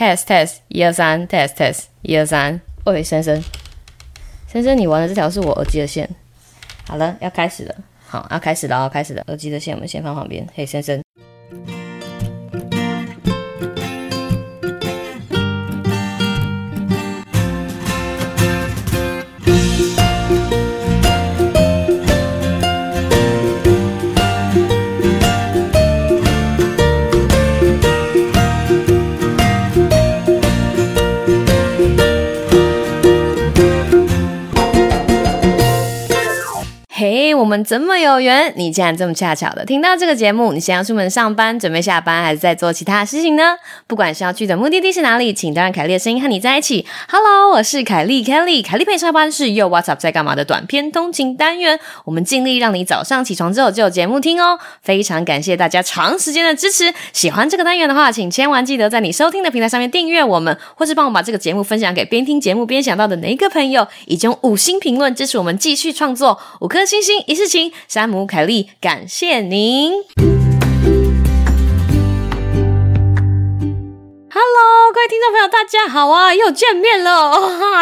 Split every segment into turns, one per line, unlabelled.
test test 一二三 test test 一二三，喂、oh, 先、欸、先生，先生你玩的這條是我耳機的線，好了要開始了，好要開始了哦，開始了、啊、開始了，耳機的線我們先放旁邊，嘿先生。怎麼有緣？你竟然這麼恰巧的聽到這個節目？你想要出門上班，準備下班，還是在做其他事情呢？不管是要去的目的地是哪裡，請讓凱莉的聲音和你在一起。Hello，我是凱莉，Kelly。凱莉陪你上下班是 Yo! What's Up 在幹嘛的短篇通勤單元。我們盡力讓你早上起床之後就有節目聽哦。非常感謝大家長時間的支持。喜歡這個單元的話，請千萬記得在你收聽的平台上面訂閱我們，或是幫我把這個節目分享給邊聽節目邊想到的哪一個朋友，以及用五星評論支持我們繼續創作。五顆星星，一世情。山姆·凱莉，感謝您。Hello，各位聽眾朋友，大家好啊，又見面了！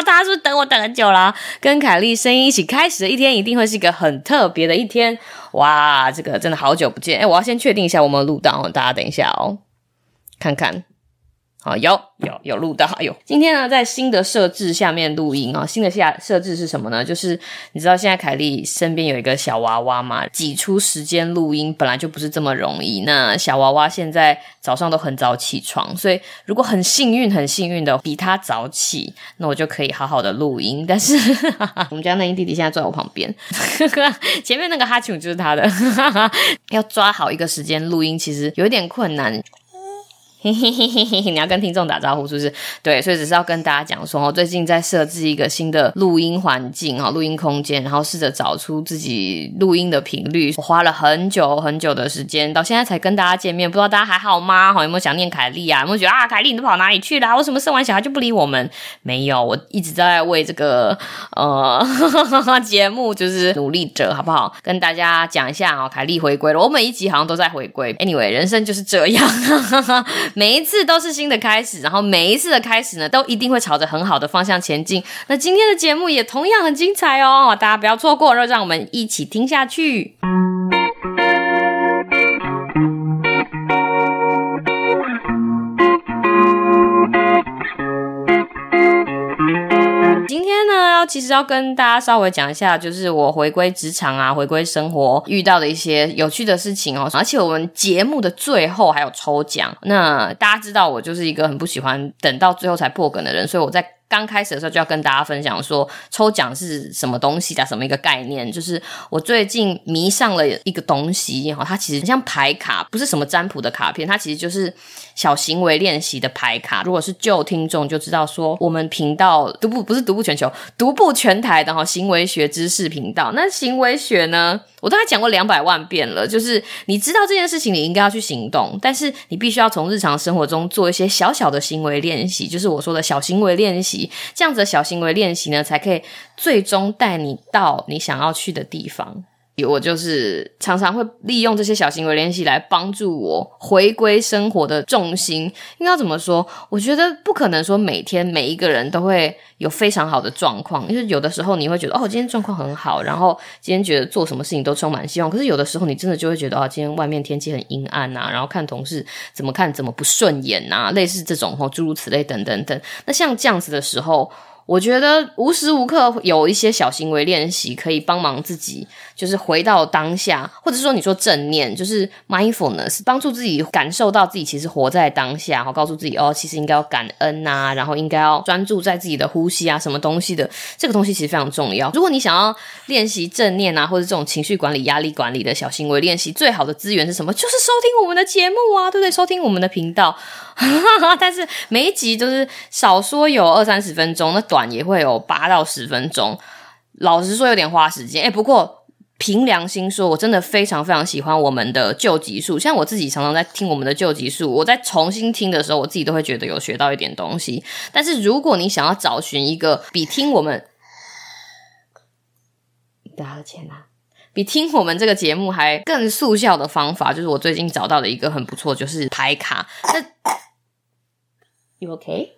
大家是不是等我等很久了？跟凱莉聲音一起開始的一天，一定會是一個很特別的一天。哇，這個真的好久不見！哎、欸，我要先確定一下我們的錄檔哦，大家等一下哦，看看。啊、哦、有有有，錄到有。今天呢，在新的設置下面錄音啊、哦，新的下設置是什麼呢？就是你知道現在凱莉身邊有一個小娃娃嘛，擠出時間錄音本來就不是這麼容易。那小娃娃現在早上都很早起床，所以如果很幸運很幸運的比他早起，那我就可以好好的錄音。但是 我們家那英弟弟現在坐在我旁邊， 前面那個哈欠就是他的。 要抓好一個時間錄音，其實有一點困難。 你要跟聽眾打招呼，是不是？對，所以只是要跟大家講說我最近在設置一個新的錄音環境哦，錄音空間，然後試着找出自己錄音的頻率。我花了很久很久的時間，到現在才跟大家見面，不知道大家還好嗎？好，有沒有想念凱莉啊？有沒有覺得啊，凱莉你都跑哪裡去啦？為什麼生完小孩就不理我們？沒有，我一直在為這個呃 節目就是努力着，好不好？跟大家講一下哦，凱莉回歸了。我每一集好像都在回歸。Anyway，人生就是這樣。 每一次都是新的開始，然後每一次的開始呢，都一定會朝着很好的方向前進。那今天的節目也同樣很精彩哦，大家不要錯過。讓我們一起聽下去。其實要跟大家稍微講一下，就是我回歸職場啊，回歸生活遇到的一些有趣的事情哦。而且我們節目的最後還有抽獎，那大家知道我就是一個很不喜歡等到最後才破梗的人，所以我在。剛開始的時候就要跟大家分享說，抽獎是什麼東西的、啊、什麼一個概念？就是我最近迷上了一個東西哈，它其實像牌卡，不是什麼占卜的卡片，它其實就是小行為練習的牌卡。如果是舊聽眾就知道說，我們頻道獨步不是獨步全球，獨步全台的哈行為學知識頻道。那行為學呢，我大概講過兩百萬遍了，就是你知道這件事情，你應該要去行動，但是你必須要從日常生活中做一些小小的行為練習，就是我說的小行為練習。這樣子的小行為練習呢，才可以最終帶你到你想要去的地方。我就是常常會利用這些小行為練習來幫助我回歸生活的重心。應該怎麼說？我覺得不可能說每天每一個人都會有非常好的狀況，因為有的時候你會覺得哦，今天狀況很好，然後今天覺得做什麼事情都充滿希望。可是有的時候你真的就會覺得啊，今天外面天氣很陰暗吶、啊，然後看同事怎麼看怎麼不順眼吶、啊，類似這種、哦、諸如此類等等等。那像這樣子的時候。我覺得無時無刻有一些小行為練習可以幫忙自己，就是回到當下，或者說你說正念，就是 mindfulness，幫助自己感受到自己其實活在當下，然後告訴自己哦，其實應該要感恩吶、啊，然後應該要專注在自己的呼吸啊，什麼東西的這個東西其實非常重要。如果你想要練習正念啊，或者這種情緒管理、壓力管理的小行為練習，最好的資源是什麼？就是收聽我們的節目啊，對不對？收聽我們的頻道， 但是每一集都是少說有二三十分鐘，那短。也會有八到十分鐘，老實說有點花時間。哎，不過憑良心說，我真的非常非常喜歡我們的舊集數。像我自己常常在聽我們的舊集數，我在重新聽的時候，我自己都會覺得有學到一點東西。但是如果你想要找尋一個比聽我們多少錢呢？比聽我們這個節目還更速效的方法，就是我最近找到的一個很不錯，就是牌卡。那 you okay？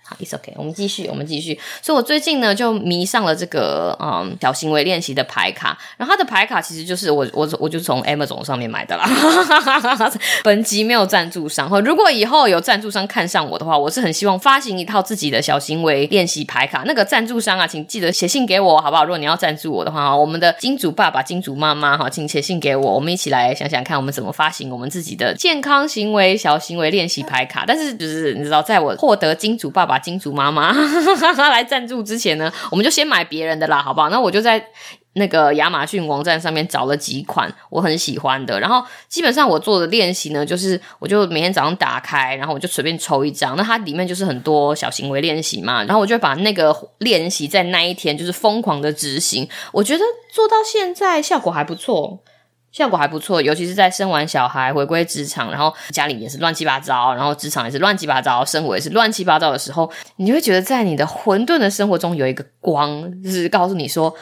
It's OK，我們繼續，我們繼續。所以，我最近呢就迷上了這個嗯小行為練習的牌卡，然後它的牌卡其實就是我我我就從 Amazon 上面買的啦。哈哈哈，本集沒有贊助商哈，如果以後有贊助商看上我的話，我是很希望發行一套自己的小行為練習牌卡。那個贊助商啊，請記得寫信給我好不好？如果你要贊助我的話，我們的金主爸爸、金主媽媽哈，請寫信給我，我們一起來想想看，我們怎麼發行我們自己的健康行為小行為練習牌卡。但是就是你知道，在我獲得金主爸爸。金主媽媽來贊助之前呢，我們就先買別人的啦，好不好？那我就在那個亞馬遜網站上面找了幾款我很喜歡的，然後基本上我做的練習呢，就是我就每天早上打開，然後我就隨便抽一張，那它裡面就是很多小行為練習嘛，然後我就把那個練習在那一天就是瘋狂的執行，我覺得做到現在效果還不錯。效果還不錯，尤其是在生完小孩回歸職場，然後家裡也是亂七八糟，然後職場也是亂七八糟，生活也是亂七八糟的時候，你就會覺得在你的混沌的生活中有一個光，就是告訴你說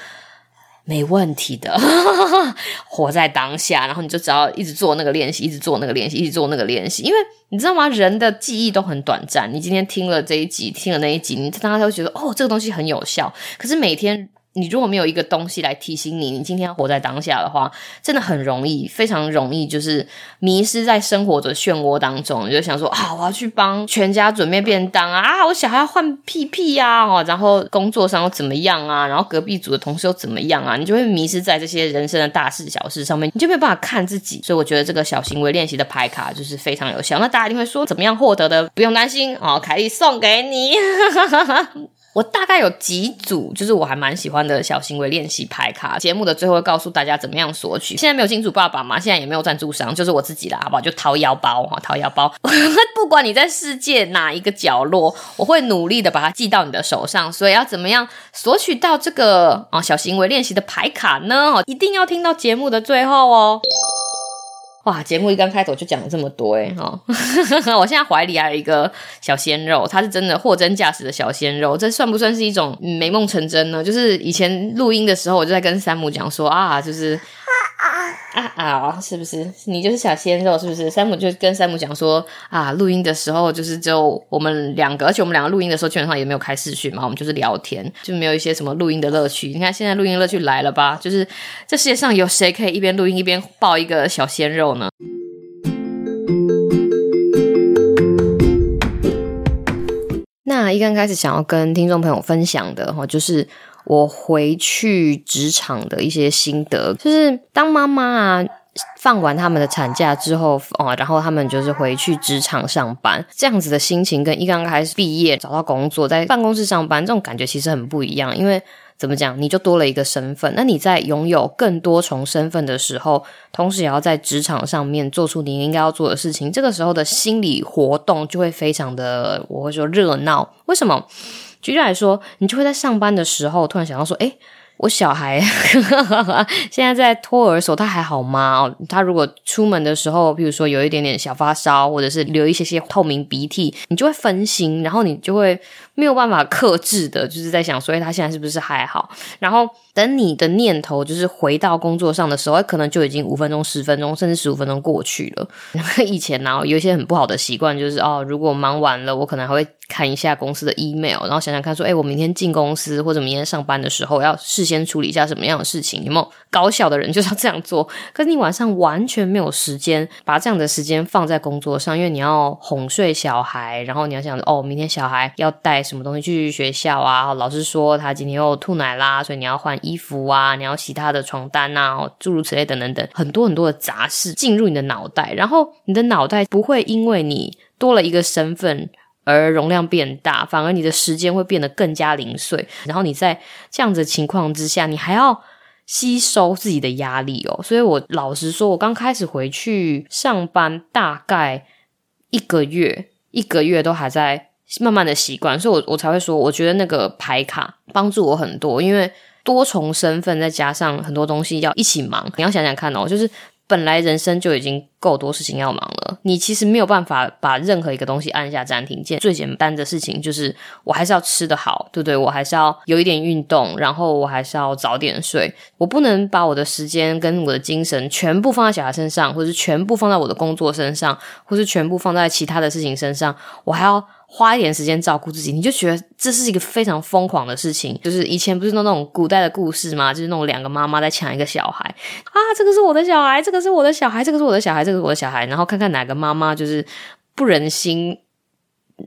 沒問題的， 活在當下。然後你就只要一直做那個練習，一直做那個練習，一直做那個練習，因為你知道嗎？人的記憶都很短暫，你今天聽了這一集，聽了那一集，你當時會覺得哦，這個東西很有效。可是每天。你如果沒有一個東西來提醒你，你今天要活在當下的話，真的很容易，非常容易，就是迷失在生活的漩渦當中。你就想說，啊、哦，我要去幫全家準備便當啊，啊我小孩要換屁屁呀，哦，然後工作上又怎麼樣啊，然後隔壁組的同事又怎麼樣啊，你就會迷失在這些人生的大事小事上面，你就沒有辦法看自己。所以我覺得這個小行為練習的牌卡就是非常有效。那大家一定會說，怎麼樣獲得的？不用擔心，哦，凱莉送給你。 我大概有幾組，就是我還蠻喜歡的小行為練習牌卡。節目的最後會告訴大家怎麼樣索取。現在沒有金主爸爸嘛，現在也沒有贊助商，就是我自己啦，好不好？就掏腰包哈，掏腰包。 不管你在世界哪一個角落，我會努力的把它寄到你的手上。所以要怎麼樣索取到這個啊小行為練習的牌卡呢？一定要聽到節目的最後哦。哇！節目一剛開頭就講了這麼多哎、欸，哈、哦！ 我現在懷裡還有一個小鮮肉，他是真的貨真價實的小鮮肉，這算不算是一種美夢成真呢？就是以前錄音的時候，我就在跟山姆講說啊，就是。啊啊！Uh oh, 是不是你就是小鮮肉？是不是？山姆就跟山姆講說啊，錄音的時候就是就我們兩個，而且我們兩個錄音的時候基本上也沒有開視訊嘛，我們就是聊天，就沒有一些什麼錄音的樂趣。你看現在錄音樂趣來了吧？就是這世界上有誰可以一邊錄音一邊抱一個小鮮肉呢？那一剛開始想要跟聽眾朋友分享的哈，就是。我回去職場的一些心得，就是當媽媽放完他們的產假之後啊，哦，然後他們就是回去職場上班，這樣子的心情跟一剛開始畢業找到工作在辦公室上班這種感覺其實很不一樣。因為怎麼講，你就多了一個身份。那你在擁有更多重身份的時候，同時也要在職場上面做出你應該要做的事情。這個時候的心理活動就會非常的，我會說熱鬧。為什麼？舉例來說，你就會在上班的時候突然想到說：“哎，我小孩呵呵現在在托兒所，他還好嗎？他如果出門的時候，比如說有一點點小發燒，或者是流一些些透明鼻涕，你就會分心，然後你就會。”沒有辦法克制的，就是在想，所以他現在是不是還好？然後等你的念頭就是回到工作上的時候，可能就已經五分鐘、十分鐘，甚至十五分鐘過去了。以前呢、啊，有一些很不好的習慣，就是哦，如果忙完了，我可能還會看一下公司的 email，然後想想看，說，哎，我明天進公司或者明天上班的時候，要事先處理一下什麼樣的事情？有沒有搞笑的人就是要這樣做？可是你晚上完全沒有時間把這樣的時間放在工作上，因為你要哄睡小孩，然後你要想，哦，明天小孩要帶。什麼東西去學校啊？老師說他今天又吐奶啦，所以你要換衣服啊，你要洗他的床單啊，諸如此類等等等，很多很多的雜事進入你的腦袋，然後你的腦袋不會因為你多了一個身份而容量變大，反而你的時間會變得更加零碎。然後你在這樣子的情況之下，你還要吸收自己的壓力哦。所以我老實說，我剛開始回去上班大概一個月，一個月都還在慢慢的習慣，所以我我才會說，我覺得那個牌卡幫助我很多，因為多重身份再加上很多東西要一起忙，你要想想看哦，就是本來人生就已經夠多事情要忙了，你其實沒有辦法把任何一個東西按下暫停鍵。最簡單的事情就是，我還是要吃得好，對不對？我還是要有一點運動，然後我還是要早點睡。我不能把我的時間跟我的精神全部放在小孩身上，或是全部放在我的工作身上，或是全部放在其他的事情身上，我還要。花一點時間照顧自己，你就覺得這是一個非常瘋狂的事情。就是以前不是弄那種古代的故事嘛，就是那種兩個媽媽在搶一個小孩啊，這個是我的小孩，這個是我的小孩，這個是我的小孩，這個是我的小孩，這個是我的小孩，然後看看哪個媽媽就是不忍心。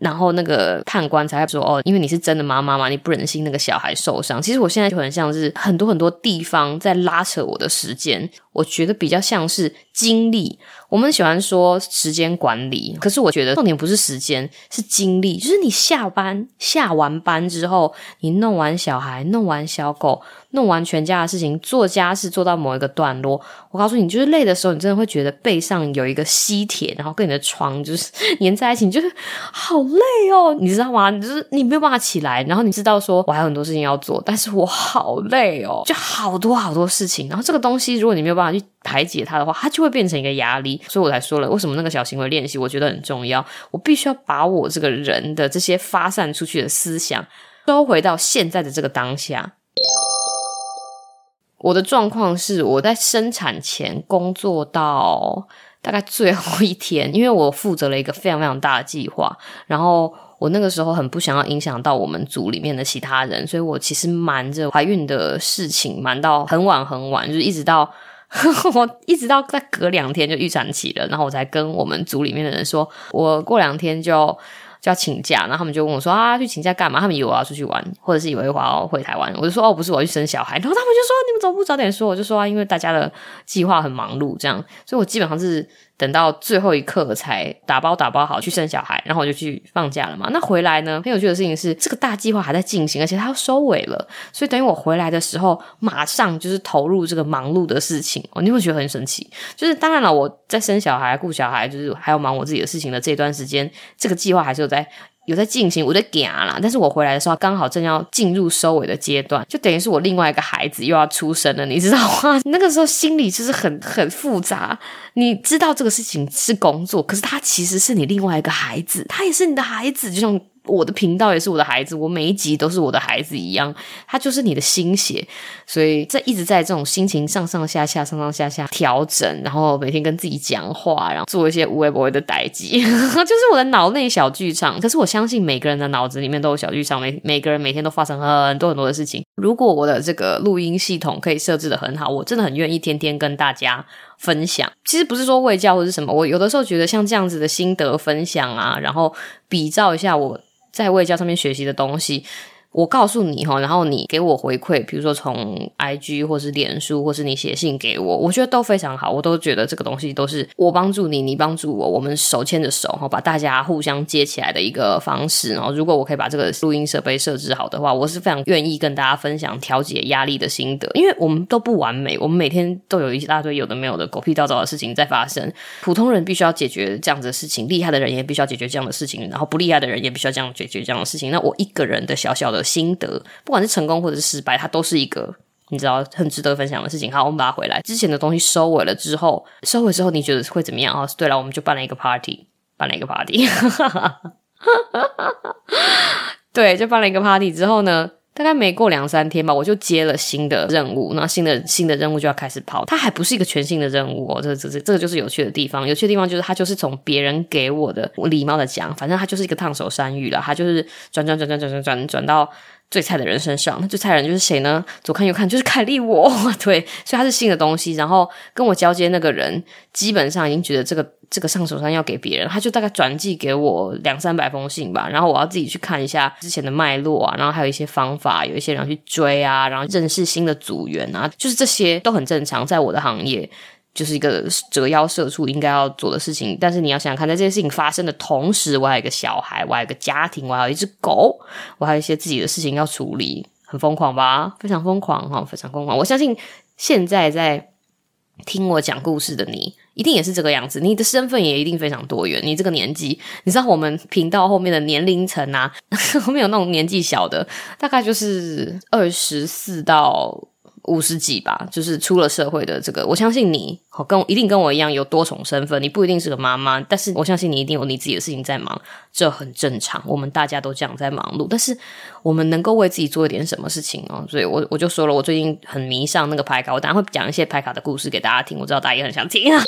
然後那個判官才會說哦，因為你是真的媽媽嘛，你不忍心那個小孩受傷。其實我現在就很像是很多很多地方在拉扯我的時間，我覺得比較像是精力。我們喜歡說時間管理，可是我覺得重點不是時間，是精力。就是你下班，下完班之後，你弄完小孩，弄完小狗。弄完全家的事情，做家事做到某一個段落，我告訴你，你就是累的時候，你真的會覺得背上有一個吸鐵，然後跟你的床就是黏在一起，你就是好累哦，你知道嗎？你就是你沒有辦法起來，然後你知道說我還有很多事情要做，但是我好累哦，就好多好多事情。然後這個東西，如果你沒有辦法去排解它的話，它就會變成一個壓力。所以我才說了，為什麼那個小行為練習我覺得很重要，我必須要把我這個人的這些發散出去的思想收回到現在的這個當下。我的狀況是，我在生產前工作到大概最後一天，因為我負責了一個非常非常大的計劃。然後我那個時候很不想要影響到我們組裡面的其他人，所以我其實瞞着懷孕的事情，瞞到很晚很晚，就是一直到我 一直到再隔兩天就預產期了，然後我才跟我們組裡面的人說，我過兩天就。就要請假，然後他們就問我說：“啊，去請假幹嘛？”他們以為我要出去玩，或者是以為我要回台灣。我就說：“哦，不是，我要去生小孩。”然後他們就說：“你們怎麼不早點說？”我就說：“因為大家的計劃很忙碌，這樣，所以我基本上是等到最後一刻才打包打包好去生小孩，然後我就去放假了嘛。那回來呢，很有趣的事情是，這個大計劃還在進行，而且它要收尾了，所以等於我回來的時候，馬上就是投入這個忙碌的事情。哦，你會覺得很神奇，就是當然了，我在生小孩、顧小孩，就是還要忙我自己的事情的這段時間，這個計劃還是有。對，有在進行，我在嗲啦。但是我回來的時候，剛好正要進入收尾的階段，就等於是我另外一個孩子又要出生了，你知道嗎？那個時候心裡就是很很複雜。你知道這個事情是工作，可是他其實是你另外一個孩子，他也是你的孩子，就像。我的頻道也是我的孩子，我每一集都是我的孩子一樣，他就是你的心血，所以這一直在這種心情上上下下、上上下下調整，然後每天跟自己講話，然後做一些無微不至的代際， 就是我的腦內小劇場。可是我相信每個人的腦子裡面都有小劇場，每每個人每天都發生很多很多的事情。如果我的這個錄音系統可以設置的很好，我真的很願意天天跟大家分享。其實不是說未教或是什麼，我有的時候覺得像這樣子的心得分享啊，然後比照一下我。在外教上面學習的東西。我告訴你哈，然後你給我回饋，比如說從 IG 或是臉書，或是你寫信給我，我覺得都非常好。我都覺得這個東西都是我幫助你，你幫助我，我們手牽着手，哈，把大家互相接起來的一個方式。然後，如果我可以把這個錄音設備設置好的話，我是非常願意跟大家分享調節壓力的心得，因為我們都不完美，我們每天都有一大堆有的沒有的狗屁倒灶的事情在發生。普通人必須要解決這樣子的事情，厲害的人也必須要解決這樣的事情，然後不厲害的人也必須要這樣解決這樣的事情。那我一個人的小小的。心得，不管是成功或者是失敗，它都是一個你知道很值得分享的事情。好，我們把它回來之前的東西收尾了之後，收尾之後你覺得會怎麼樣？哦，對了，我們就辦了一個 party，辦了一個 party， 對，就辦了一個 party 之後呢？大概沒過兩三天吧，我就接了新的任務。那新的新的任務就要開始跑。它還不是一個全新的任務哦，這個，這個，這個就是有趣的地方。有趣的地方就是它就是從別人給我的，我禮貌的講，反正它就是一個燙手山芋了。它就是轉轉轉轉轉轉轉，轉到。最菜的人身上，那最菜的人就是誰呢？左看右看就是凱莉我，對，所以他是新的東西。然後跟我交接那個人，基本上已經覺得這個這個上手上要給別人，他就大概轉寄給我兩三百封信吧。然後我要自己去看一下之前的脈絡啊，然後還有一些方法，有一些人去追啊，然後認識新的組員啊，就是這些都很正常，在我的行業。就是一個折腰社畜應該要做的事情，但是你要想想看，在這件事情發生的同時，我還有一個小孩，我還有一個家庭，我還有一隻狗，我還有一些自己的事情要處理，很瘋狂吧？非常瘋狂哈、哦，非常瘋狂！我相信現在在聽我講故事的你，一定也是這個樣子，你的身份也一定非常多元。你這個年紀，你知道我們頻道後面的年齡層啊， 後面有那種年紀小的，大概就是二十四到。五十幾吧，就是出了社會的這個，我相信你，好跟我，一定跟我一樣有多重身份，你不一定是個媽媽，但是我相信你一定有你自己的事情在忙，這很正常，我們大家都這樣在忙碌，但是我們能夠為自己做一點什麼事情哦，所以我我就說了，我最近很迷上那個牌卡，我當然等下會講一些牌卡的故事給大家聽，我知道大家也很想聽啊。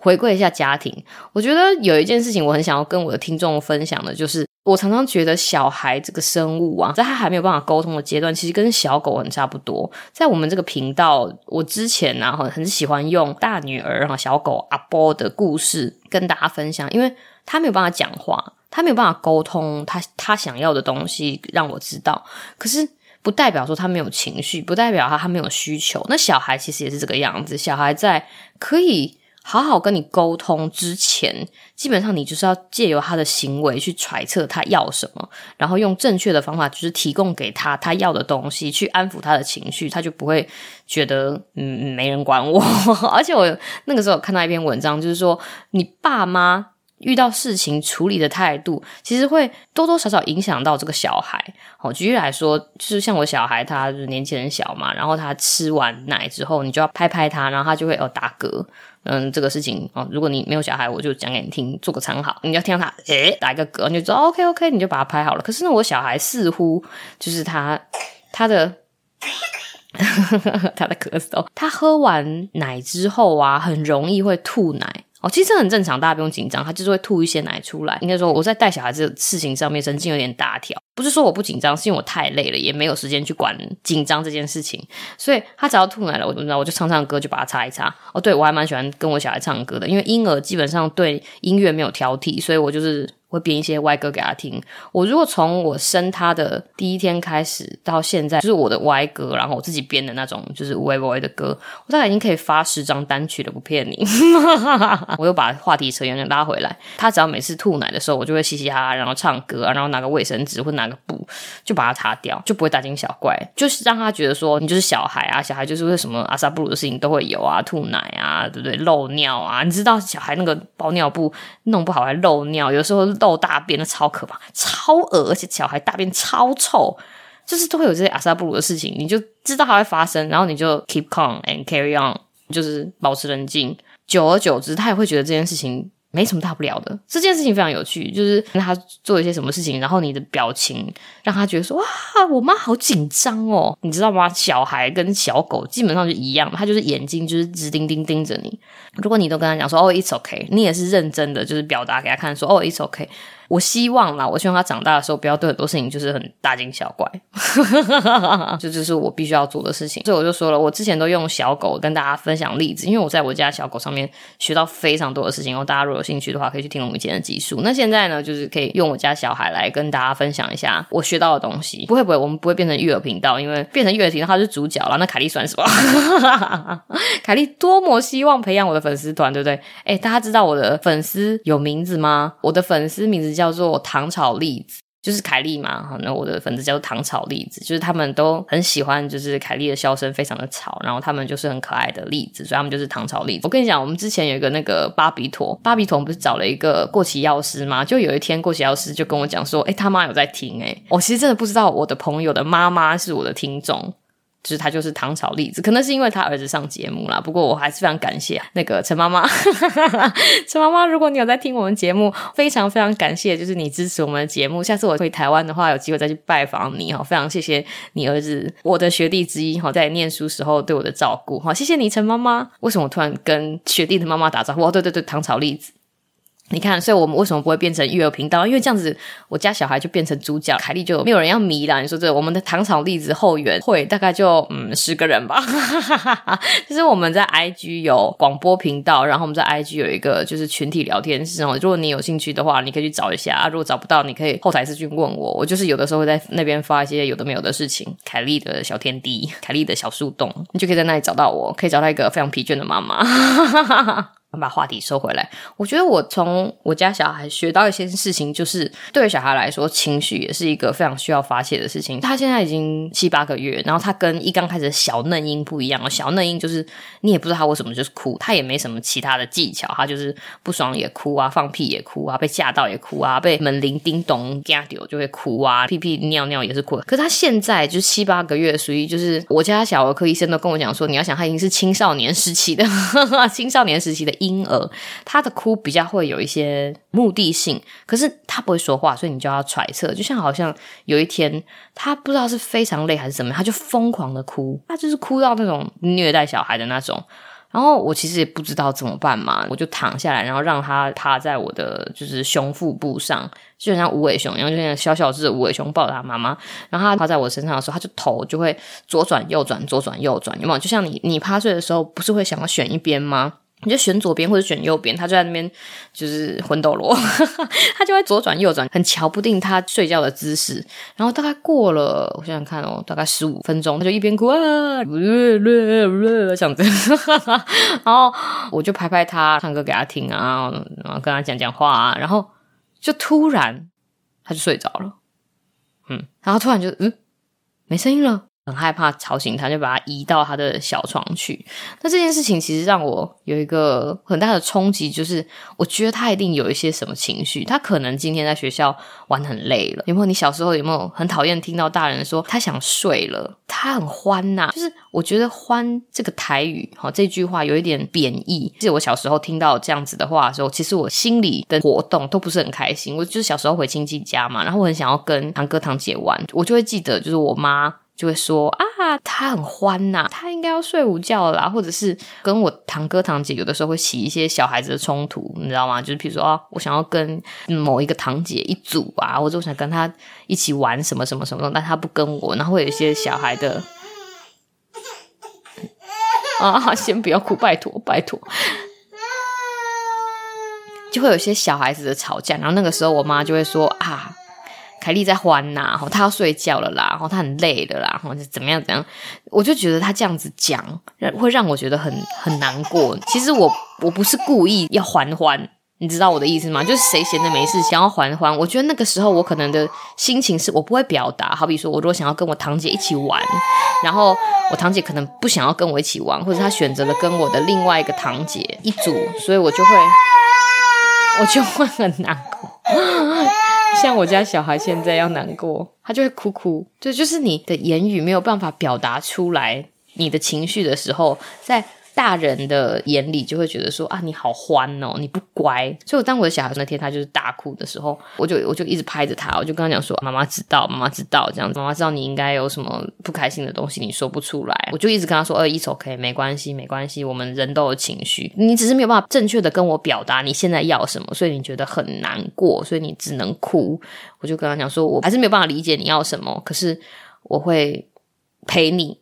回歸一下家庭，我覺得有一件事情我很想要跟我的聽眾分享的，就是。我常常覺得小孩這個生物啊，在他還沒有辦法溝通的階段，其實跟小狗很差不多。在我們這個頻道，我之前啊，很喜歡用大女兒啊、小狗阿波的故事跟大家分享，因為他沒有辦法講話，他沒有辦法溝通，他他想要的東西讓我知道。可是，不代表說他沒有情緒，不代表他他沒有需求。那小孩其實也是這個樣子，小孩在可以。好好跟你溝通之前，基本上你就是要借由他的行為去揣測他要什麼，然後用正確的方法，就是提供給他他要的東西，去安撫他的情緒，他就不會覺得嗯沒人管我。 而且我那個時候看到一篇文章，就是說你爸媽遇到事情處理的態度，其實會多多少少影響到這個小孩。好舉例來說，就是像我小孩，他是年紀很小嘛，然後他吃完奶之後，你就要拍拍他，然後他就會有、哦、打嗝。嗯，這個事情哦，如果你沒有小孩，我就講給你聽，做個參考。你要聽到他，誒、欸，打一個嗝，你就說、哦、OK OK，你就把它拍好了。可是呢，我小孩似乎就是他，他的， 他的咳嗽，他喝完奶之後啊，很容易會吐奶。哦，其實很正常，大家不用緊張。他就是會吐一些奶出來。應該說我在帶小孩子的事情上面神經有點大條，不是說我不緊張，是因為我太累了，也沒有時間去管緊張這件事情。所以他只要吐奶了，我就知道我就唱唱歌，就把他擦一擦。哦，對，我還蠻喜歡跟我小孩唱歌的，因為嬰兒基本上對音樂沒有挑剔，所以我就是。會編一些歪歌給他聽。我如果從我生他的第一天開始到現在，就是我的歪歌，然後我自己編的那種，就是歪歪的歌，我大概已經可以發十張單曲了，不騙你。 我又把話題扯遠點拉回來。他只要每次吐奶的時候，我就會嘻嘻哈哈，然後唱歌啊，然後拿個衛生紙或拿個布就把它擦掉，就不會大驚小怪，就是讓他覺得說你就是小孩啊，小孩就是為什麼阿薩布魯的事情都會有啊，吐奶啊，對不對？漏尿啊，你知道小孩那個包尿布弄不好還漏尿，有時候。豆大便那超可怕，超惡，而且小孩大便超臭，就是都會有這些阿薩布魯的事情，你就知道它會發生，然後你就 keep calm and carry on，就是保持冷靜。久而久之，他也會覺得這件事情。沒什麼大不了的，這件事情非常有趣，就是他做一些什麼事情，然後你的表情讓他覺得說，哇，我媽好緊張哦，你知道嗎？小孩跟小狗基本上就一樣，他就是眼睛就是直盯盯盯着你。如果你都跟他講說哦，it's okay，你也是認真的，就是表達給他看說哦，it's okay。我希望啦，我希望他長大的時候不要對很多事情就是很大驚小怪，哈 哈就這、就是我必須要做的事情。所以我就說了，我之前都用小狗跟大家分享例子，因為我在我家小狗上面學到非常多的事情。然後大家如果有興趣的話，可以去聽我們以前的集數。那現在呢，就是可以用我家小孩來跟大家分享一下我學到的東西。不會不會，我們不會變成育兒頻道，因為變成育兒頻道他是主角了。那凱莉算什麼？哈哈哈，凱莉多麼希望培養我的粉絲團，對不對？哎、欸，大家知道我的粉絲有名字嗎？我的粉絲名字。叫做糖炒栗子，就是凱莉嘛哈。那我的粉絲叫做糖炒栗子，就是他們都很喜歡，就是凱莉的笑聲非常的吵，然後他們就是很可愛的栗子，所以他們就是糖炒栗子。我跟你講，我們之前有一個那個巴比妥，巴比妥不是找了一個過期藥師嗎？就有一天過期藥師就跟我講說，誒、欸，他媽有在聽誒、欸。我其實真的不知道我的朋友的媽媽是我的聽眾。就是他，就是糖炒栗子，可能是因為他兒子上節目啦，不過我還是非常感謝那個陳媽媽， 陳媽媽，如果你有在聽我們節目，非常非常感謝，就是你支持我們的節目。下次我回台灣的話，有機會再去拜訪你哦，非常謝謝你兒子，我的學弟之一哈，在念書時候對我的照顧哈，謝謝你陳媽媽。為什麼我突然跟學弟的媽媽打招呼？哦，對對對，糖炒栗子。你看，所以我們為什麼不會變成育兒頻道？因為這樣子，我家小孩就變成主角，凱莉就沒有人要迷啦。你說，這我們的糖炒栗子後援會大概就嗯十個人吧。 就是我們在 IG 有廣播頻道，然後我們在 IG 有一個就是群體聊天室哦。如果你有興趣的話，你可以去找一下啊。如果找不到，你可以後台私訊問我。我就是有的時候會在那邊發一些有的沒有的事情，凱莉的小天地，凱莉的小樹洞，你就可以在那裡找到我，可以找到一個非常疲倦的媽媽。 把話題收回來，我覺得我從我家小孩學到一些事情，就是對於小孩來說，情緒也是一個非常需要發洩的事情。他現在已經七八個月，然後他跟一剛開始的小嫩嬰不一樣，小嫩嬰就是，你也不知道他為什麼就是哭，他也沒什麼其他的技巧，他就是不爽也哭啊，放屁也哭啊，被嚇到也哭啊，被門鈴叮咚叮丟就會哭啊，屁屁尿尿，尿也是哭了。可他現在就七八個月，屬於就是我家小兒科醫生都跟我講說，你要想他已經是青少年時期的，哈哈 青少年時期的。嬰兒他的哭比較會有一些目的性，可是他不會說話，所以你就要揣測。就像好像有一天他不知道是非常累還是怎麼樣，他就瘋狂的哭，他就是哭到那種虐待小孩的那種。然後我其實也不知道怎麼辦嘛，我就躺下來，然後讓他趴在我的就是胸腹部上，就像無尾熊一樣，因為就像小小只無尾熊抱着他媽媽。然後他趴在我身上的時候，他就頭就會左轉右轉，左轉右轉，有沒有？就像你你趴睡的時候，不是會想要選一邊嗎？你就選左邊或者選右邊，他就在那邊，就是魂斗羅，哈哈，他就會左轉右轉，很瞧不定他睡覺的姿勢。然後大概過了，我想想看哦，大概十五分鐘，他就一邊哭啊，嗚嗚嗚，想這樣，哈哈，然後我就拍拍他，唱歌給他聽啊，然後跟他講講話啊，然後就突然他就睡着了，嗯，然後突然就，嗯，沒聲音了。很害怕吵醒他，就把他移到他的小床去。那這件事情其實讓我有一個很大的衝擊，就是我覺得他一定有一些什麼情緒。他可能今天在學校玩很累了。有沒有？你小時候有沒有很討厭聽到大人說他想睡了？他很歡吶、啊，就是我覺得“歡”這個台語好這句話有一點貶義。記得我小時候聽到這樣子的話的時候，其實我心裡的活動都不是很開心。我就是小時候回親戚家嘛，然後我很想要跟堂哥堂姐玩，我就會記得就是我媽。就會說啊，他很歡吶、啊，他應該要睡午覺啦，或者是跟我堂哥堂姐有的時候會起一些小孩子的衝突，你知道嗎？就是比如說啊，我想要跟某一個堂姐一組啊，或者我想跟他一起玩什麼什麼什麼，但他不跟我，然後會有一些小孩的啊，先不要哭，拜托拜托，就會有一些小孩子的吵架，然後那個時候我媽就會說啊。凱莉在歡吶、啊，她要睡覺了啦，然後她很累了啦，然後就怎麼樣怎樣，我就覺得她這樣子講，會讓我覺得很很難過。其實我我不是故意要還歡，你知道我的意思嗎？就是誰閒着沒事想要還歡，我覺得那個時候我可能的心情是我不會表達。好比說，我如果想要跟我堂姐一起玩，然後我堂姐可能不想要跟我一起玩，或者她選擇了跟我的另外一個堂姐一組，所以我就會，我就會很難過。 像我家小孩現在要難過，他就會哭哭。對，就是你的言語沒有辦法表達出來你的情緒的時候，在大人的眼裡就會覺得說啊，你好歡哦、喔，你不乖。所以我當我的小孩那天他就是大哭的時候，我就我就一直拍着他，我就跟他講說：“媽媽知道，媽媽知道，這樣子，媽媽知道你應該有什麼不開心的東西，你說不出來。”我就一直跟他說：“呃、欸，it's okay，沒關係，沒關係，我們人都有情緒，你只是沒有辦法正確的跟我表達你現在要什麼，所以你覺得很難過，所以你只能哭。”我就跟他講說：“我還是沒有辦法理解你要什麼，可是我會陪你。”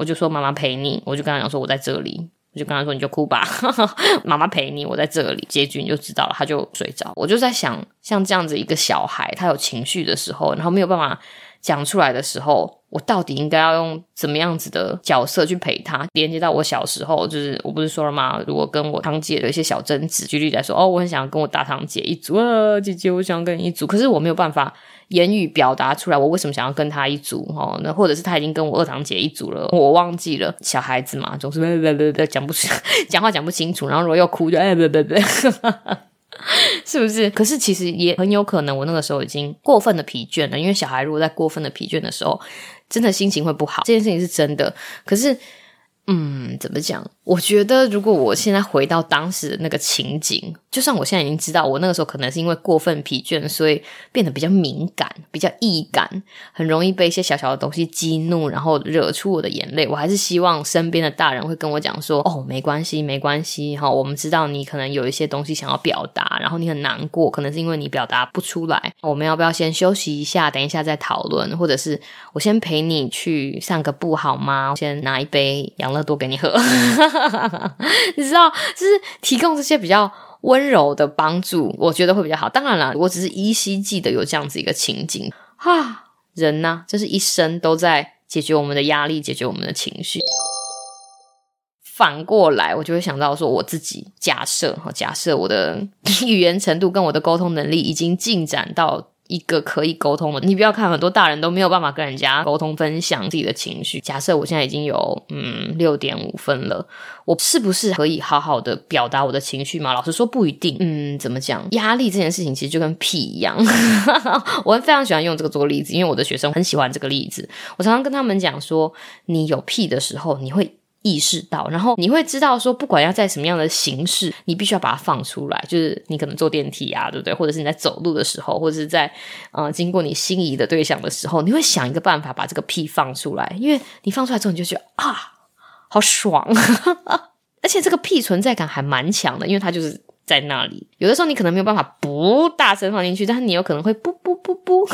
我就說，媽媽陪你，我就跟他講說，我在這裡，我就跟他說，你就哭吧， 媽媽陪你，我在這裡。結局你就知道了，他就睡着。我就在想，像這樣子一個小孩，他有情緒的時候，然後沒有辦法講出來的時候，我到底應該要用怎麼樣子的角色去陪他？連接到我小時候，就是我不是說了嗎？如果跟我堂姐有一些小爭執，舉例來說，哦，我很想要跟我大堂姐一組，啊，姐姐，我想跟你一組，可是我沒有辦法。言語表達出來，我為什麼想要跟他一組？哦，那或者是他已經跟我二堂姐一組了，我忘記了。小孩子嘛，總是啦講不出， 講話講不清楚，然後如果又哭就，就哎，對對對，是不是？可是其實也很有可能，我那個時候已經過分的疲倦了，因為小孩如果在過分的疲倦的時候，真的心情會不好，這件事情是真的。可是。嗯，怎麼講？我覺得如果我現在回到當時的那個情景，就算我現在已經知道，我那個時候可能是因為過分疲倦，所以變得比較敏感、比較易感，很容易被一些小小的東西激怒，然後惹出我的眼淚。我還是希望身邊的大人會跟我講說：“哦，沒關係，沒關係，哈、哦，我們知道你可能有一些東西想要表達，然後你很難過，可能是因為你表達不出來。哦、我們要不要先休息一下，等一下再討論？或者是我先陪你去散個步好嗎？我先拿一杯養樂。”多給你喝， 你知道，就是提供這些比較溫柔的幫助，我覺得會比較好。當然了，我只是依稀記得有這樣子一個情景啊。人吶、啊，就是一生都在解決我們的壓力，解決我們的情緒。反過來，我就會想到說，我自己假設哈，假設我的語言程度跟我的溝通能力已經進展到。一個可以溝通的，你不要看很多大人都沒有辦法跟人家溝通分享自己的情緒。假設我現在已經有嗯六點五分了，我是不是可以好好的表達我的情緒嘛？老實說不一定。嗯，怎麼講？壓力這件事情其實就跟屁一樣， 我非常喜歡用這個做例子，因為我的學生很喜歡這個例子。我常常跟他們講說，你有屁的時候，你會。意識到，然後你會知道說，不管要在什麼樣的形式，你必須要把它放出來。就是你可能坐電梯啊，對不對？或者是你在走路的時候，或者是在啊、呃、經過你心儀的對象的時候，你會想一個辦法把這個屁放出來，因為你放出來之後你就覺得啊好爽， 而且這個屁存在感還蠻強的，因為它就是在那裡。有的時候你可能沒有辦法不大聲放進去，但你有可能會不不不不，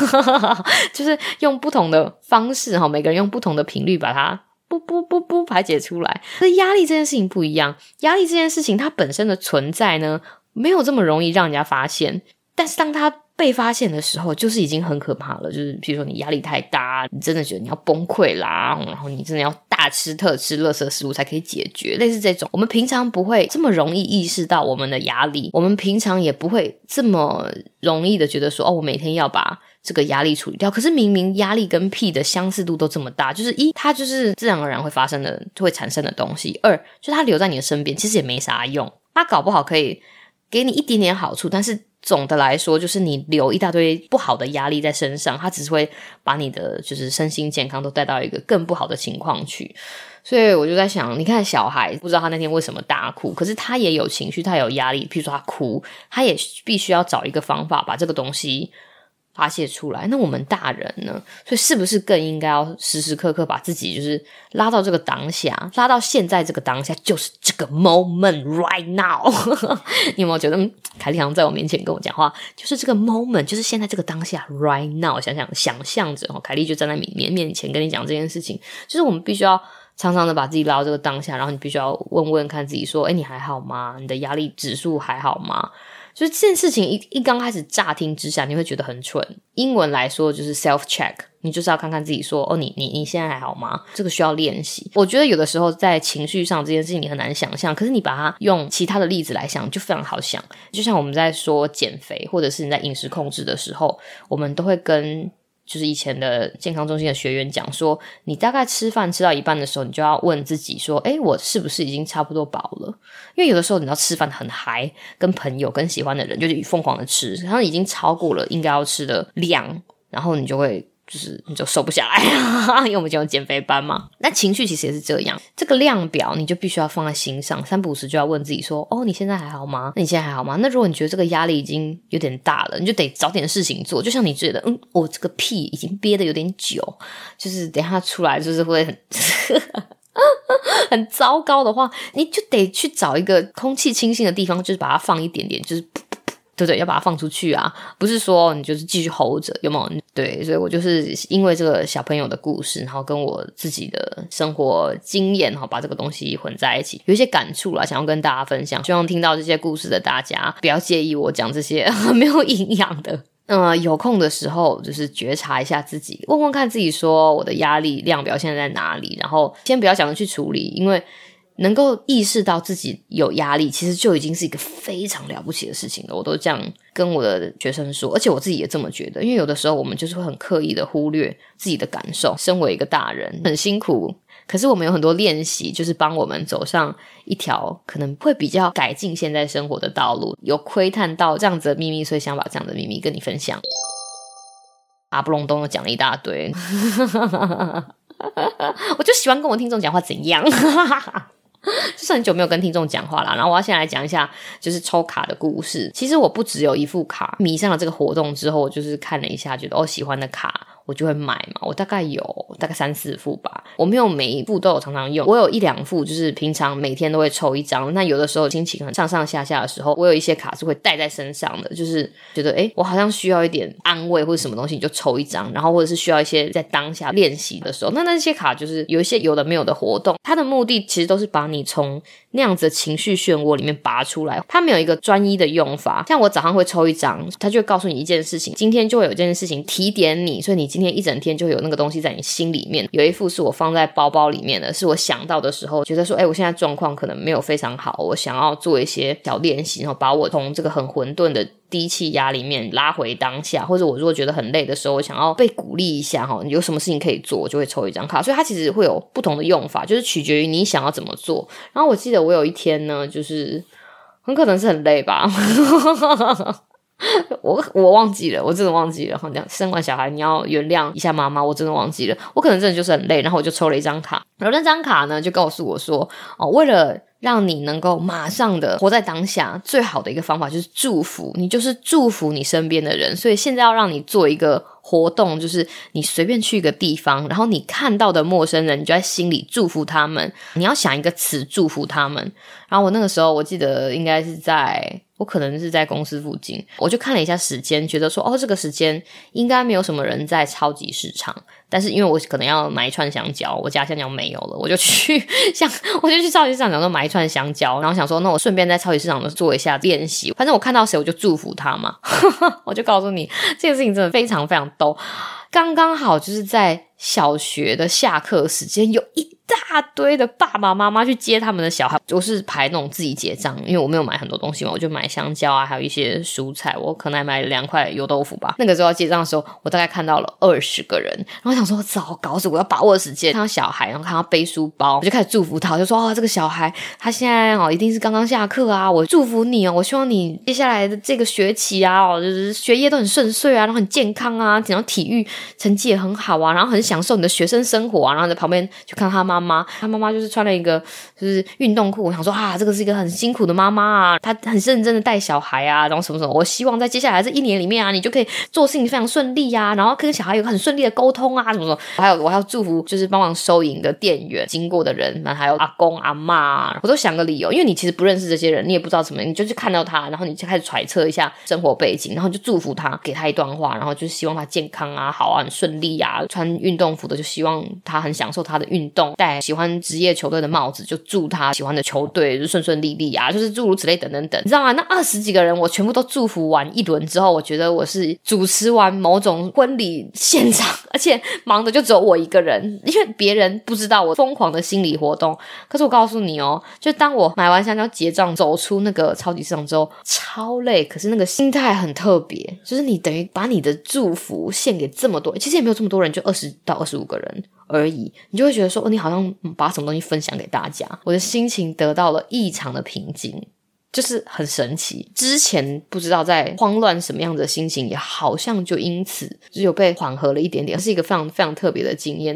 就是用不同的方式哈，然後每個人用不同的頻率把它。不不不不排解出來，可是壓力這件事情不一樣。壓力這件事情，它本身的存在呢，沒有這麼容易讓人家發現。但是，當它被發現的時候，就是已經很可怕了。就是比如說，你壓力太大，你真的覺得你要崩潰啦，然後你真的要大吃特吃垃圾食物才可以解決。類似這種，我們平常不會這麼容易意識到我們的壓力，我們平常也不會這麼容易的覺得說，哦，我每天要把。這個壓力處理掉，可是明明壓力跟屁的相似度都這麼大，就是一，它就是自然而然會發生的、會產生的東西；二，就它留在你的身邊，其實也沒啥用。它搞不好可以給你一點點好處，但是總的來說，就是你留一大堆不好的壓力在身上，它只是會把你的就是身心健康都帶到一個更不好的情況去。所以我就在想，你看小孩不知道他那天為什麼大哭，可是他也有情緒，他有壓力。譬如說他哭，他也必須要找一個方法把這個東西。發洩出來，那我們大人呢？所以是不是更應該要時時刻刻把自己就是拉到這個當下，拉到現在這個當下就是這個 moment right now。 你有沒有覺得凱莉好像在我面前跟我講話，就是這個 moment，就是現在這個當下 right now。想想想象着哦，凱莉就站在你面面前跟你講這件事情，就是我們必須要常常的把自己拉到這個當下，然後你必須要問問看自己說，哎，你還好嗎？你的壓力指數還好嗎？就是這件事情一一剛開始乍聽之下，你會覺得很蠢。英文來說就是 self-check，你就是要看看自己說，哦，你你你現在還好嗎？這個需要練習。我覺得有的時候在情緒上這件事情你很難想象，可是你把它用其他的例子來想，就非常好想。就像我們在說減肥，或者是你在飲食控制的時候，我們都會跟。就是以前的健康中心的學員講說，你大概吃飯吃到一半的時候，你就要問自己說，誒、欸，我是不是已經差不多飽了？因為有的時候，你要吃飯很嗨，跟朋友、跟喜歡的人，就是瘋狂的吃，然後已經超過了應該要吃的量，然後你就會。就是你就瘦不下來，因為我們已經有減肥班嘛。那情緒其實也是這樣，這個量表你就必須要放在心上。三不五時就要問自己說：哦，你現在還好嗎？那你現在還好嗎？那如果你覺得這個壓力已經有點大了，你就得找點事情做。就像你覺得，嗯，我、哦、這個屁已經憋得有點久，就是等下出來就是會很 很糟糕的話，你就得去找一個空氣清新的地方，就是把它放一點點，就是。對對，要把它放出去啊！不是說你就是繼續 hold 著有沒有？對，所以我就是因為這個小朋友的故事，然後跟我自己的生活經驗，然後把這個東西混在一起，有一些感觸啦，想要跟大家分享。希望聽到這些故事的大家，不要介意我講這些 沒有營養的。嗯、呃，有空的時候，就是覺察一下自己，問問看自己說，我的壓力量表現在，在哪裡，然後先不要想着去處理，因為。能夠意識到自己有壓力，其實就已經是一個非常了不起的事情了。我都這樣跟我的學生說，而且我自己也這麼覺得。因為有的時候我們就是會很刻意的忽略自己的感受。身為一個大人，很辛苦，可是我們有很多練習，就是幫我們走上一條可能會比較改進現在生活的道路。有窺探到這樣子的秘密，所以想把這樣的秘密跟你分享。阿布隆咚的講了一大堆， 我就喜歡跟我聽眾講話，怎樣？ 就是很久沒有跟聽眾講話啦，然後我要先來講一下，就是抽卡的故事。其實我不只有一副卡，迷上了這個活動之後，我就是看了一下，覺得我喜歡的卡。我就會買嘛，我大概有大概三四副吧，我沒有每一副都有常常用，我有一兩副就是平常每天都會抽一張，那有的時候心情很上上下下的時候，我有一些卡是會帶在身上的，就是覺得誒、欸，我好像需要一點安慰或者什麼東西，你就抽一張，然後或者是需要一些在當下練習的時候，那那些卡就是有一些有的沒有的活動，它的目的其實都是把你從。那樣子的情緒漩渦裡面拔出來，它沒有一個專一的用法。像我早上會抽一張，它就會告訴你一件事情，今天就會有一件事情提點你，所以你今天一整天就會有那個東西在你心裡面。有一副是我放在包包裡面的，是我想到的時候覺得說，哎、欸，我現在狀況可能沒有非常好，我想要做一些小練習，然後把我從這個很混沌的。低氣壓裡面拉回當下，或者我如果覺得很累的時候，我想要被鼓勵一下哈，你有什麼事情可以做，我就會抽一張卡。所以它其實會有不同的用法，就是取決於你想要怎麼做。然後我記得我有一天呢，就是很可能是很累吧， 我我忘記了，我真的忘記了。好，這樣生完小孩你要原諒一下媽媽，我真的忘記了，我可能真的就是很累，然後我就抽了一張卡，然後那張卡呢就告訴我說，哦，為了。讓你能夠馬上的活在當下，最好的一個方法就是祝福你，就是祝福你身邊的人。所以現在要讓你做一個活動，就是你隨便去一個地方，然後你看到的陌生人，你就在心裡祝福他們。你要想一個詞祝福他們。然後我那個時候我記得應該是在我可能是在公司附近，我就看了一下時間，覺得說哦，這個時間應該沒有什麼人在超級市場。但是因為我可能要買一串香蕉，我家香蕉沒有了，我就去想，我就去超級市場想說買一串香蕉，然後想說那我順便在超級市場做一下練習，反正我看到誰我就祝福他嘛， 我就告訴你，這個事情真的非常非常逗，剛剛好就是在。小學的下課時間有一大堆的爸爸媽媽去接他們的小孩，就是排那種自己結賬，因為我沒有買很多東西嘛，我就買香蕉啊，還有一些蔬菜，我可能還買了兩塊油豆腐吧。那個時候要結賬的時候，我大概看到了二十個人，然後我想說糟糕，我要把握時間。看到小孩，然後看到背書包，我就開始祝福他，就說啊、哦，這個小孩他現在哦，一定是剛剛下課啊，我祝福你哦，我希望你接下來的這個學期啊，哦，就是學業都很順遂啊，然後很健康啊，然後體育成績也很好啊，然後很。享受你的學生生活啊，然後在旁邊去看他媽媽，他媽媽就是穿了一個就是運動褲，我想說啊，這個是一個很辛苦的媽媽啊，她很認真的帶小孩啊，然後什麼什麼，我希望在接下來這一年裡面啊，你就可以做事情非常順利啊，然後跟小孩有個很順利的溝通啊，什麼什麼，我還有我還要祝福，就是幫忙收銀的店員，經過的人，那還有阿公阿嬤，我都想個理由，因為你其實不認識這些人，你也不知道怎麼，你就去看到他，然後你就開始揣測一下生活背景，然後就祝福他，給他一段話，然後就是希望他健康啊，好啊，很順利啊，穿運。動服的就希望他很享受他的運動，戴喜歡職業球隊的帽子，就祝他喜歡的球隊就順順利利啊，就是諸如此類等等等，你知道嗎？那二十幾個人我全部都祝福完一輪之後，我覺得我是主持完某種婚禮現場，而且忙的就只有我一個人，因為別人不知道我瘋狂的心理活動。可是我告訴你哦、喔，就當我買完香蕉結賬走出那個超級市場之後，超累，可是那個心態很特別，就是你等於把你的祝福獻給這麼多，其實也沒有這麼多人，就二十。到二十五個人而已，你就會覺得說，哦，你好像把什麼東西分享給大家，我的心情得到了異常的平靜，就是很神奇。之前不知道在慌亂什麼樣子的心情，也好像就因此只有被緩和了一點點，是一個非常非常特別的經驗。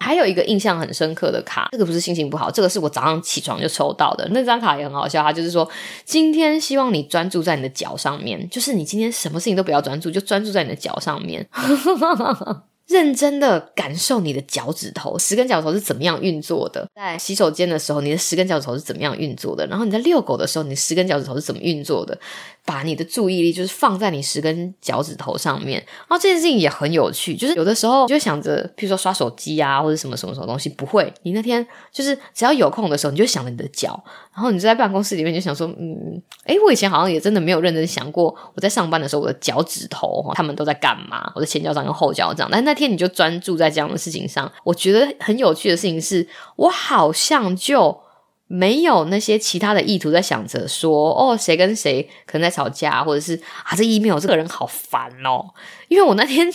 還有一個印象很深刻的卡，這個不是心情不好，這個是我早上起床就抽到的那張卡也很好笑，它就是說，今天希望你專注在你的腳上面，就是你今天什麼事情都不要專注，就專注在你的腳上面。 認真的感受你的腳趾頭，十根腳趾頭是怎麼樣運作的？在洗手間的時候，你的十根腳趾頭是怎麼樣運作的？然後你在遛狗的時候，你的十根腳趾頭是怎麼運作的？把你的注意力就是放在你十根腳趾頭上面，然後這件事情也很有趣。就是有的時候就想着，譬如說刷手機啊，或者什麼什麼什麼東西不會。你那天就是只要有空的時候，你就想着你的腳，然後你就在辦公室裡面就想說，嗯，誒、欸，我以前好像也真的沒有認真想過我在上班的時候我的腳趾頭他們都在幹嘛？我的前腳掌跟後腳掌。但那天你就專注在這樣的事情上，我覺得很有趣的事情是，我好像就。沒有那些其他的意圖，在想着說，哦，誰跟誰可能在吵架，或者是啊，這 email 這個人好煩哦，因為我那天。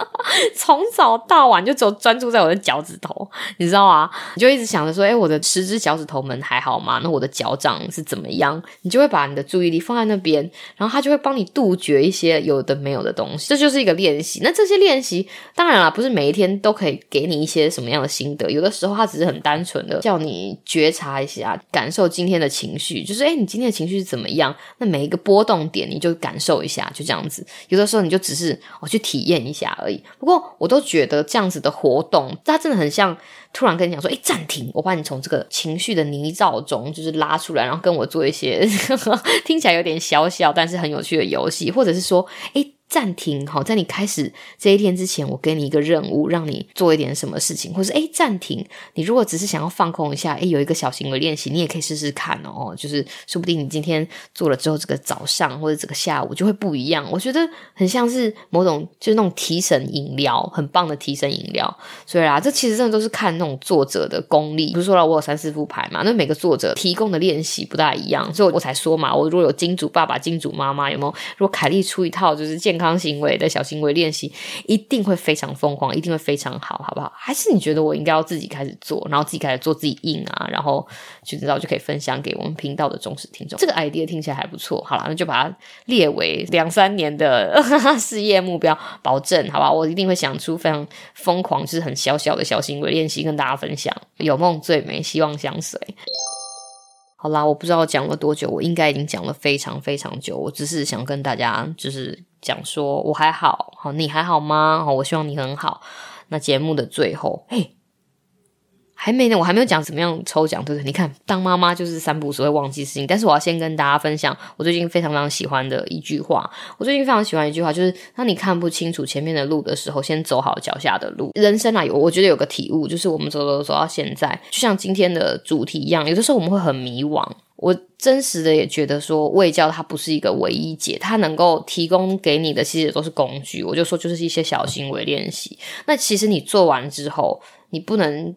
從早到晚就只有專注在我的腳趾頭，你知道嗎？你就一直想着說：“哎、欸，我的十隻腳趾頭們還好嗎？那我的腳掌是怎麼樣？”你就會把你的注意力放在那邊，然後他就會幫你杜絕一些有的沒有的東西。這就是一個練習。那這些練習，當然了，不是每一天都可以給你一些什麼樣的心得。有的時候，他只是很單純的叫你覺察一下，感受今天的情緒，就是哎、欸，你今天的情緒是怎麼樣？那每一個波動點，你就感受一下，就這樣子。有的時候，你就只是我去體驗一下。而已。不過，我都覺得這樣子的活動，它真的很像突然跟你講說：“哎，暫停，我把你從這個情緒的泥沼中就是拉出來，然後跟我做一些，呵呵，聽起來有點小小，但是很有趣的遊戲，或者是說，哎。”暫停，好，在你開始這一天之前，我給你一個任務，讓你做一點什麼事情，或是誒暫、欸、停。你如果只是想要放空一下，誒、欸，有一個小行為練習，你也可以試試看哦。就是說不定你今天做了之後，這個早上或者這個下午就會不一樣。我覺得很像是某種就是那種提神飲料，很棒的提神飲料。所以啦，這其實真的都是看那種作者的功力。不是說了我有三四副牌嘛？那每個作者提供的練習不大一樣，所以我才說嘛，我如果有金主爸爸、金主媽媽，有沒有？如果凱莉出一套就是建。健康行為的小行為練習一定會非常瘋狂，一定會非常好好不好？還是你覺得我應該要自己開始做，然後自己開始做自己硬啊，然後就知道就可以分享給我們頻道的忠實聽眾？這個 idea 聽起來還不錯。好啦，那就把它列為兩三年的 事業目標，保證好不好？我一定會想出非常瘋狂，就是很小小的小行為練習跟大家分享。有夢最美，希望相隨。好啦，我不知道講了多久，我應該已經講了非常非常久。我只是想跟大家就是講說，我還好，好，你還好嗎？好，我希望你很好。那節目的最後，嘿。還沒呢，我還沒有講怎麼樣抽獎，對不對？你看，當媽媽就是三不五時會忘記事情，但是我要先跟大家分享，我最近非常非常喜歡的一句話。我最近非常喜歡一句話，就是當你看不清楚前面的路的時候，先走好腳下的路。人生啊，有我覺得有個體悟，就是我們走走走到現在，就像今天的主題一樣，有的時候我們會很迷惘。我真實的也覺得說，衛教它不是一個唯一解，它能夠提供給你的其實都是工具。我就說，就是一些小行為練習。那其實你做完之後，你不能。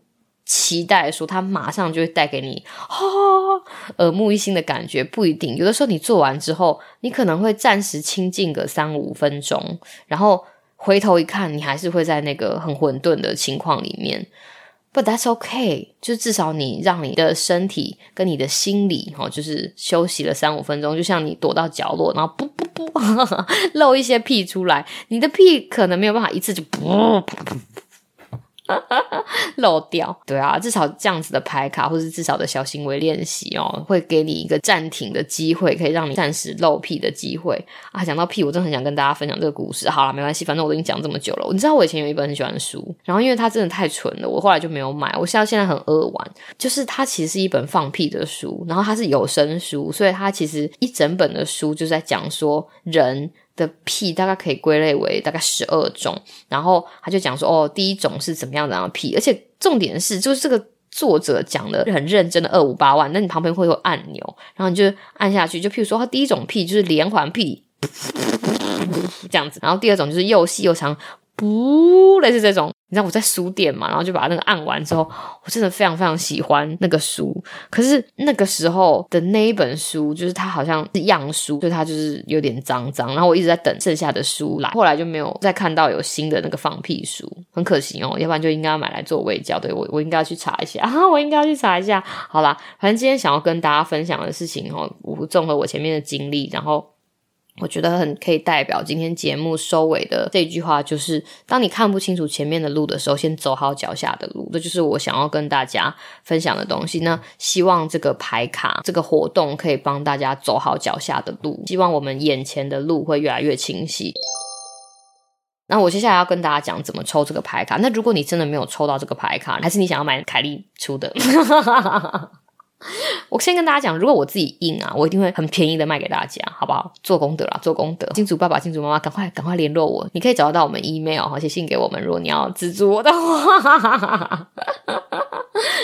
期待說他馬上就會帶給你呵呵呵耳目一新的感覺，不一定。有的時候你做完之後，你可能會暫時清靜個三五分鐘，然後回頭一看，你還是會在那個很混沌的情況裡面。But that's okay，就至少你讓你的身體跟你的心理、哦、就是休息了三五分鐘，就像你躲到角落，然後噗噗噗露一些屁出來，你的屁可能沒有辦法一次就噗噗噗噗噗。漏 掉，對啊，至少這樣子的牌卡，或是至少的小行為練習哦，會給你一個暫停的機會，可以讓你暫時漏屁的機會啊。講到屁，我真的很想跟大家分享這個故事。好啦，沒關係，反正我都已經講這麼久了。你知道我以前有一本很喜歡的書，然後因為它真的太蠢了，我後來就沒有買。我現在，現在很惡玩，就是它其實是一本放屁的書，然後它是有聲書，所以它其實一整本的書就是在講說人。的屁大概可以歸類為大概十二種，然後他就講說哦，第一種是怎麼樣的屁，而且重點的是就是這個作者講的很認真的二五八萬，那你旁邊會有按鈕，然後你就按下去，就譬如說他第一種屁就是連環屁，這樣子，然後第二種就是又細又長，不，類似這種。你知道我在書店嘛？然後就把那個按完之後，我真的非常非常喜歡那個書。可是那個時候的那一本書，就是它好像是樣書，所以它就是有點髒髒。然後我一直在等剩下的書來，後來就沒有再看到有新的那個放屁書，很可惜哦。要不然就應該要買來做衛教。對，我我應該要去查一下啊， 我應該要去查一下。好啦，反正今天想要跟大家分享的事情哦，我綜合我前面的經歷，然後。我覺得很可以代表今天節目收尾的這一句話，就是當你看不清楚前面的路的時候，先走好腳下的路。這就是我想要跟大家分享的東西。那希望這個牌卡這個活動可以幫大家走好腳下的路。希望我們眼前的路會越來越清晰。那我接下來要跟大家講怎麼抽這個牌卡。那如果你真的沒有抽到這個牌卡，還是你想要買凱莉出的？ 我先跟大家講，如果我自己印啊，我一定會很便宜的賣給大家，好不好？做功德啦！做功德。金主爸爸、金主媽媽，趕快趕快聯絡我，你可以找得到我們 email，寫信給我們。如果你要資助我的話。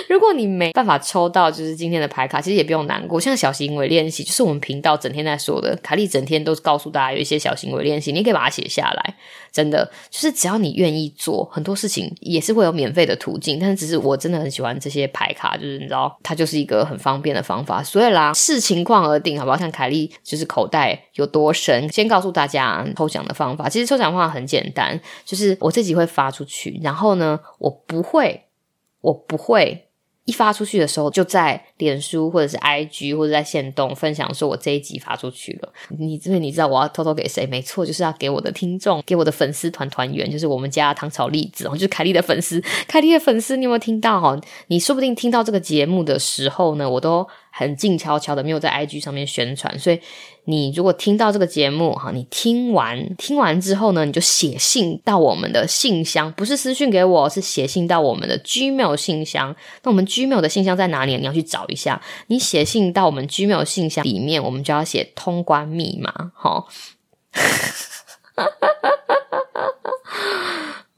如果你沒辦法抽到，就是今天的牌卡，其實也不用難過。像小行為練習，就是我們頻道整天在說的，凱莉整天都告訴大家有一些小行為練習，你可以把它寫下來。真的，就是只要你願意做，很多事情也是會有免費的途徑。但是，只是我真的很喜歡這些牌卡，就是你知道，它就是一個很方便的方法。所以啦，視情況而定，好不好？像凱莉就是口袋有多深，先告訴大家抽獎的方法。其實抽獎方法很簡單，就是我自己會發出去，然後呢，我不會，我不會。一發出去的時候，就在臉書或者是 IG 或者在線動分享，說我這一集發出去了。你因為你知道我要偷偷給誰？沒錯，就是要給我的聽眾，給我的粉絲團團員，就是我們家唐朝栗子哦，就是凱莉的粉絲，凱莉的粉絲，粉絲你有沒有聽到？哈，你說不定聽到這個節目的時候呢，我都。很靜悄悄的，沒有在 IG 上面宣傳，所以你如果聽到這個節目哈，你聽完聽完之後呢，你就寫信到我們的信箱，不是私訊給我，是寫信到我們的 Gmail 信箱。那我們 Gmail 的信箱在哪裡？你要去找一下。你寫信到我們 Gmail 信箱裡面，我們就要寫通關密碼哈。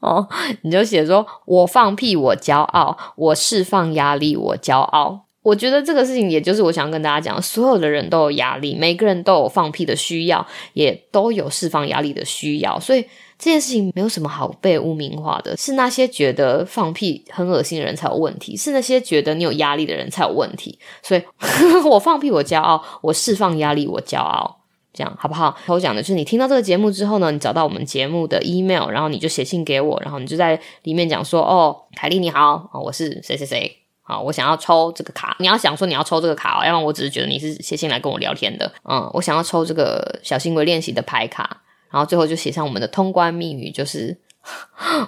齁 哦，你就寫說我放屁，我驕傲，我釋放壓力，我驕傲。我覺得這個事情，也就是我想要跟大家講，所有的人都有壓力，每個人都有放屁的需要，也都有釋放壓力的需要，所以這件事情沒有什麼好被污名化的，是那些覺得放屁很惡心的人才有問題，是那些覺得你有壓力的人才有問題。所以， 我放屁我驕傲，我釋放壓力我驕傲，這樣好不好？我講的就是你聽到這個節目之後呢，你找到我們節目的 email，然後你就寫信給我，然後你就在裡面講說：“哦，凱莉你好，哦，我是誰誰誰。”好，我想要抽這個卡。你要想說你要抽這個卡，要不然我只是覺得你是寫信來跟我聊天的。嗯，我想要抽這個小行為練習的牌卡，然後最後就寫上我們的通關密語，就是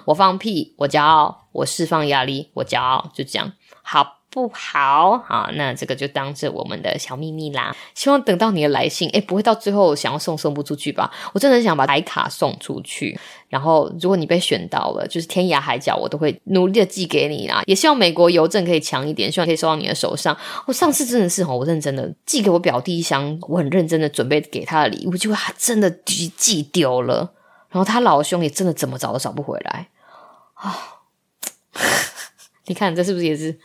我放屁，我驕傲，我釋放壓力，我驕傲，就這樣。好。不好好，那這個就當着我們的小秘密啦。希望等到你的來信，哎，不會到最後想要送，送不出去吧？我真的很想把牌卡送出去。然後，如果你被選到了，就是天涯海角，我都會努力的寄給你啊。也希望美國郵政可以強一點，希望可以收到你的手上。我、哦、上次真的是吼，我認真的寄給我表弟一箱，我很認真的準備給他的禮物，結果他真的寄，寄丟了，然後他老兄也真的怎麼找都找不回來啊。哦、 你看這是不是也是？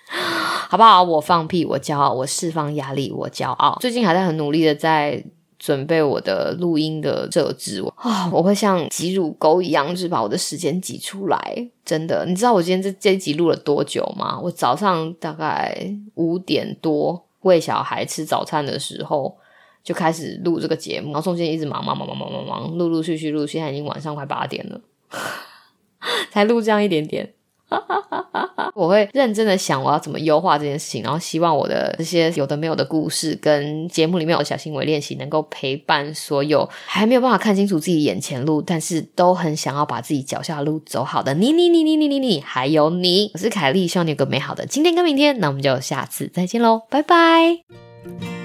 好不好？我放屁，我驕傲，我釋放壓力，我驕傲。最近還在很努力的在準備我的錄音的設置。啊、哦，我會像擠乳溝一樣，就是把我的時間擠出來。真的，你知道我今天這這一集錄了多久嗎？我早上大概五點多餵小孩吃早餐的時候就開始錄這個節目，然後中間一直忙忙忙忙忙忙忙，陸陸續續錄，現在已經晚上快八點了， 才錄這樣一點點。哈哈哈哈哈！ 我會認真的想我要怎麼優化這件事情，然後希望我的這些有的沒有的故事跟節目裡面有小行為練習，能夠陪伴所有還沒有辦法看清楚自己眼前路，但是都很想要把自己腳下的路走好的你、你、你、你、你、你、你，還有你，我是凱莉，希望你有個美好的今天跟明天，那我們就下次再見嘍，拜拜。